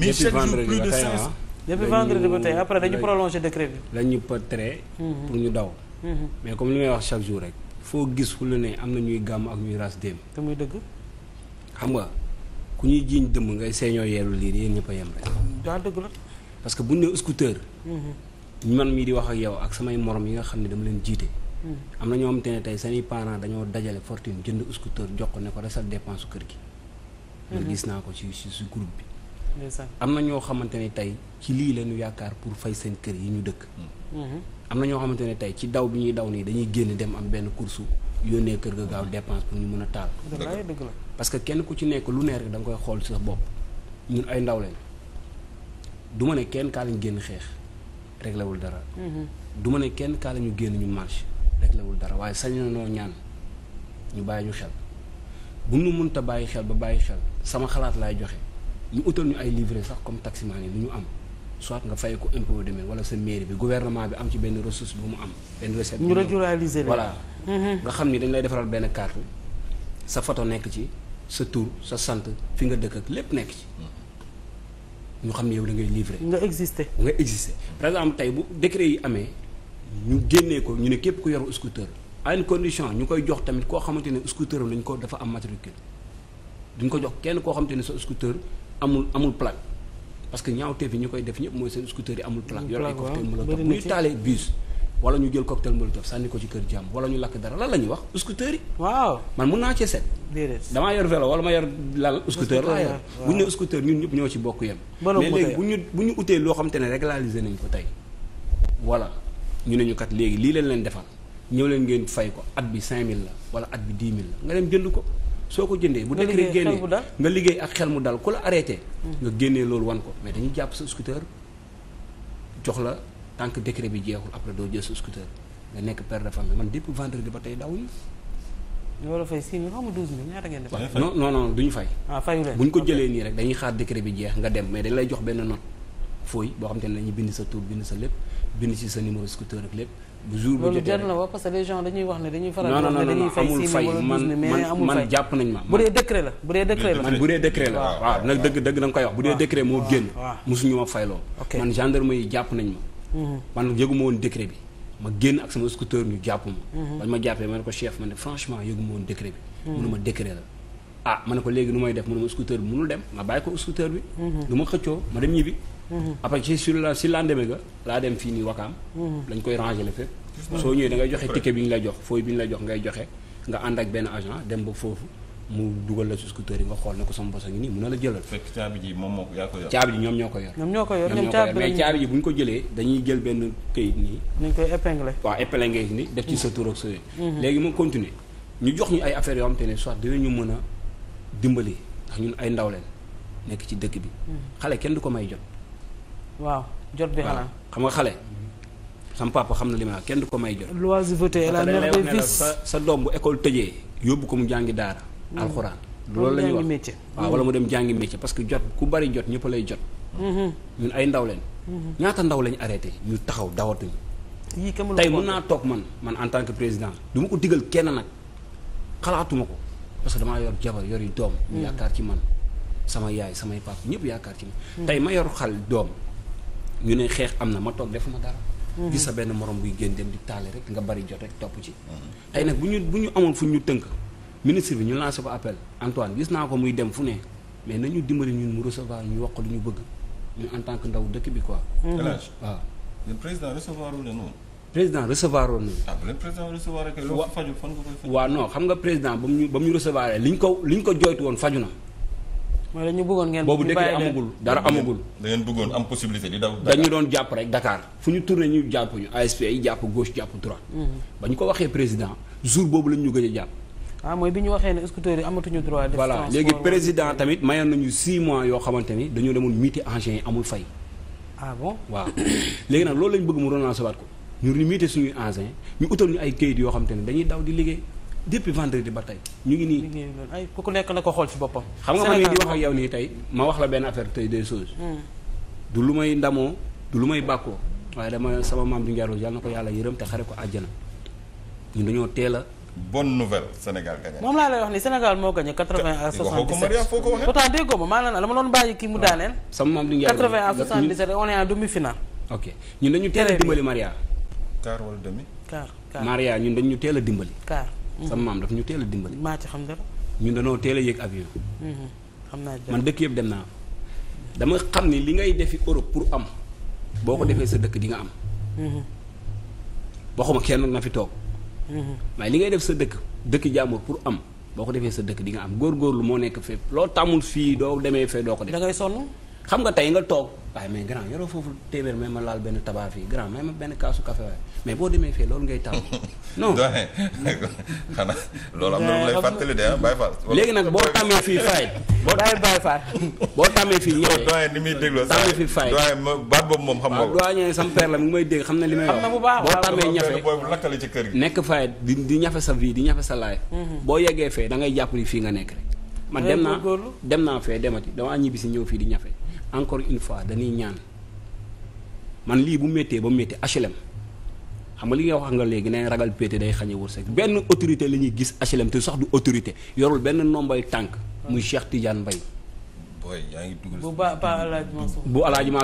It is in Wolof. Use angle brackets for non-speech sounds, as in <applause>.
mais chaque jour plus de 500 ah. depuis vendredi ba tey après dañu prolongé mhm. pour ñu daw. Mhm. mais comme li may wax chaque jour rek. foo gis fu ne am na ñuy gàmm ak ñuy ras dem. te muy dëgg. xam nga ku ñuy jiiñ dëmm ngay seeñoo yeelu lii yéen ñëpp a yem rek. daa dëgg parce que bu ñu nee scooter. Mhm. man mii di wax ak yow ak samay morom yi nga xam ne dama leen jiite. am na ñoo xamante ne tey seen i parents dañoo dajale fortune jënd scooter jox ko ne ko resal sa su kër gi. loolu gis naa ko ci ci groupe bi. am na ñoo xamante ne tey ci lii leenu yaakaar pour fay seen kër yi ñu dëkk. Mhm. am na ñoo xamante ne tey ci daw bi ñuy daw nii dañuy génn dem am benn course yónnee kër ga gaaw dépense pour ñu mën a taal. dëgg la parce que kenn ku ci nekk lu neer rek da nga koy xool sa bopp ñun ay ndaw leen du ma ne kenn kaa ñu génn xeex réglé wul dara. Mhm. du ma ne kenn kaa lañu génn ñu marche reglewul dara waaye sañ na noo ñaan ñu bàyyi ñu xel bu ñu a bàyyi xel ba bàyyi xel sama xalaat laay joxe. ñu utal ñu ay livret sax comme taximaan yi lu ñu am soit nga faye ko impôt demee wala sa mairie bi gouvernement bi am ci benn ressource bu mu am. benn recette ñu régulariser voilà mhm. nga xam ni dañ lay defaral benn carte sa foto nekk ci sa tur sa sant fi nga dëkk ak lépp nekk ci. ñu xam ne yow da ngay livré. nga existé nga existé par exemple tey bu décret yi amee ñu génnee ko ñu ne képp ku yoru scooter à condition ñu koy jox tamit koo xamante ne scooter am dañ dafa am matricule duñ ko jox kenn koo xamante ne sa scooter amul amul plaque parce que ñaawteef yi ñu koy def ñëpp mooy seen scooter yi amul plaque yor ay cocktail molotov muy taalee bus wala ñu jël cocktail molotov sànni ko ci kër jàmm wala ñu làkk dara lan la ñuy wax scooter yi waaw man mun naa cee seet damaa yor vélo wala ma yor lal scooter laa yor bu ne scooter ñun ñëpp ñoo ci bokk yem mais léegi bu ñu bu ñu utee loo xam te ne régulariser nañ ko tey voilà ñu ne ñu kat léegi lii leen leen defal ñëw leen ngeen fay ko at bi 5000 la wala at bi 10 000 nga dem jënd ko soo ko jëndee bu décret génnee nga liggéey ak xel mu dal ku la arrêté nga génnee loolu wan ko mais dañuy jàpp sa scooter jox la tant que décret bi jeexul après doo jël sa scooter nga nekk per de famille man depuis vendredi ba tey daw ñu ñoo la fay 6 ñaata ngeen def. non duñu fay. ah bu ñu ko jëlee nii rek dañuy xaar décret bi jeex nga dem mais dañ lay jox benn note. fooy boo xam te ne dañuy bind sa tur bind sa lépp bind si sa numéro scooter ak lépp bu jour bu jotee loolu jar na wa parce que les gens dañuy wax ne dañuy faral di wax ne dañuy fay amul fay man man man jàpp nañ ma. bu dee décret la bu dee décret la. man bu dee décret la waaw nag dëgg dëgg da nga koy wax bu dee décret moo génn. mosuñu ma fayloo. man gendarme yi jàpp nañ ma. Mhm. man yëguma woon décret bi. ma génn ak sama scooter ñu jàpp ma. Mhm. bañ ma jàppee ma ne ko chef ma ne franchement yëguma woon décret bi. mënuma mhm. décret la. ah ma ne ko léegi nu may def mënuma scooter bi mënul dem ma bàyyi ko scooter bi. du ma xëccoo ma dem ñibbi après ci sur la si lendemain ga laa dem fii nii wakaam lañ koy ranger le fépp soo ñëwee da ngay joxe ticket bi ñu la jox fooy bi ñu la jox ngay joxe nga ànd ak benn agent dem ba foofu mu dugal la ci scooter yi nga xool na ko sama bosa ngi nii mun na la jëlal fekk caabi ji moom moo ko yaa ñoom ñoo ko yor ñoo ko yor mais caabi ji bu ñu ko jëlee dañuy jël benn këyit nii dañ koy épingler waaw épingler ni def ci sa tur ak sa mm-hmm. léegi ma continuer ñu jox ñu ay affaires yoo xam te ne soit dinañu mën dimbali ñun ay ndaw leen nekk ci dëkk bi mm-hmm. xale kenn ko may jot waaw jot bi xam nga xale. sam papa xam na li ma kenn du ko may jot. l'oisiveté est la mère des sa doom bu école tëjee yóbbu ko mu jàngi daara. Mm. alxuraan loolu lañu ñuy wax waaw mm. wala mu dem jàngi métier parce que jot ku bari jot ñëpp lay jot. Mm-hmm. ñun ay ndaw leen. Mm-hmm. ñaata ndaw lañu arrêté ñu taxaw dawatuñu. tay mën naa toog man man en tant que président du ma ko digal kenn nag xalaatuma ko parce que damaa yor jabar yor yu doom. Mm. yaakaar ci man sama yaay samay papa ñëpp yaakaar ci man. tey ma doom. ñu ne xeex am na ma defu ma dara. Mhm. gis sa benn morom buy génn dem di taale rek nga bari jot rek topp ci. Mhm. tey nag bu ñu bu ñu amoon fu ñu tënk ministre bi ñu lancé ko appel Antoine gis naa ko muy dem fu ne mais na ñu dimbali ñun mu recevoir ñu wax lu ñu bëgg ñu en tant que ndaw dëkk bi quoi. Mhm. waaw. le président recevoir wu ne président recevoir woon nañu. ah bu leen président xam nga président ba mu ñu ba mu ñu recevoir li ñu ko li ñu ko jooytu woon faju na. mooy dañu bëggoon ngeen boobu dëkk amagul dara amagul. da ngeen bëggoon am possibilité di daw. dañu doon jàpp rek Dakar fu ñu tourné ñu jàpp ñu ASP yi jàpp gauche jàpp droite. Mhm. ba ñu ko waxee président jour boobu lañ ñu gëj a jàpp. waaw ah, mooy bi ñu waxee ne scooter yi amatuñu droit. de voilà léegi président tamit mayoon nañu 6 mois yoo xamante ni dañoo demoon miiti engins yi amul fay. ah bon <coughs> léegi nag loolu lañ bëgg mu relancer waat ko ñu miite suñuy engins ñu utal ñu ay kayit yoo xamante ni dañuy daw di liggéey depuis vendredi ba tey ñu ngi nii. ay ku nekk na ko xool ci boppam. xam nga man mii di wax yow nii tey ma wax la benn affaire tey des choses. Hmm. du lu may ndamoo du lu may bàkkoo waaye dama sama maam du Ndiaro yàlla na ko yàlla yërëm te xare ko àjjana ñu dañoo teel a. bonne nouvelle Sénégal gagné. moom laa lay wax ni Sénégal moo gagné 80 à 77 foo ko waxee. pourtant déggoo ma maanaam la ma doon bàyyi kii mu daaneel. sama maam du Ndiaro 80 à 77 on ok ñun dañu teel teel a dimbali. quart sama maam daf ñu teel a dimbali. maa ci xam dara. ñun dañoo teel a yéeg avion. Mhm. xam naa man dëkk yëpp dem naa dama xam ni li ngay def i Europe pour am. boo ko mhm. defee sa dëkk di nga am. Mhm. waxuma kenn na fi toog. waaye li ngay def sa dëkk dëkk jàmbur pour am boo ko defee sa dëkk di am góor góorgóorlu moo nekk fépp loo tàmmul fii doo demee fee doo ko def. xam nga tey nga toog waaye mais grand yoroo foofu téeméer may ma laal benn tabax fii grand may ma benn kaasu café waaye mais boo demee fii loolu ngay taw <laughs> non xanaa loolu am na lu lay fàttali de ah, Baye Fall léegi nag boo tàmmee fii fayit boo tàmmee Baye Fall <laughs> boo tàmmee fii ñëwee doyen ni muy dégloo tàmmee fii fayit doyen baat boobu moom xam nga ko doyen sama père la mu may dégg xam na li may wax boo tàmmee ñafe boobu lakkale ci kër gi nekk fayit di di ñafe sa vie di ñafe sa life mhm. boo yeggee fee da ngay jàpp ni fii nga nekk rek man dem naa dem naa fee demati damaa ñibbisi ñëw fii di ñafe encore une fois dañuy ñaan man lii bu méttee ba métti HLM xam nga li ngay wax nga léegi nee ragal pété day xañe wërsëg benn autorité lañuy gis HLM te sax du autorité yorul benn nombay tànk muy Cheikh Tidiane Mbaye. booy yaa ngi dugal bu ba bu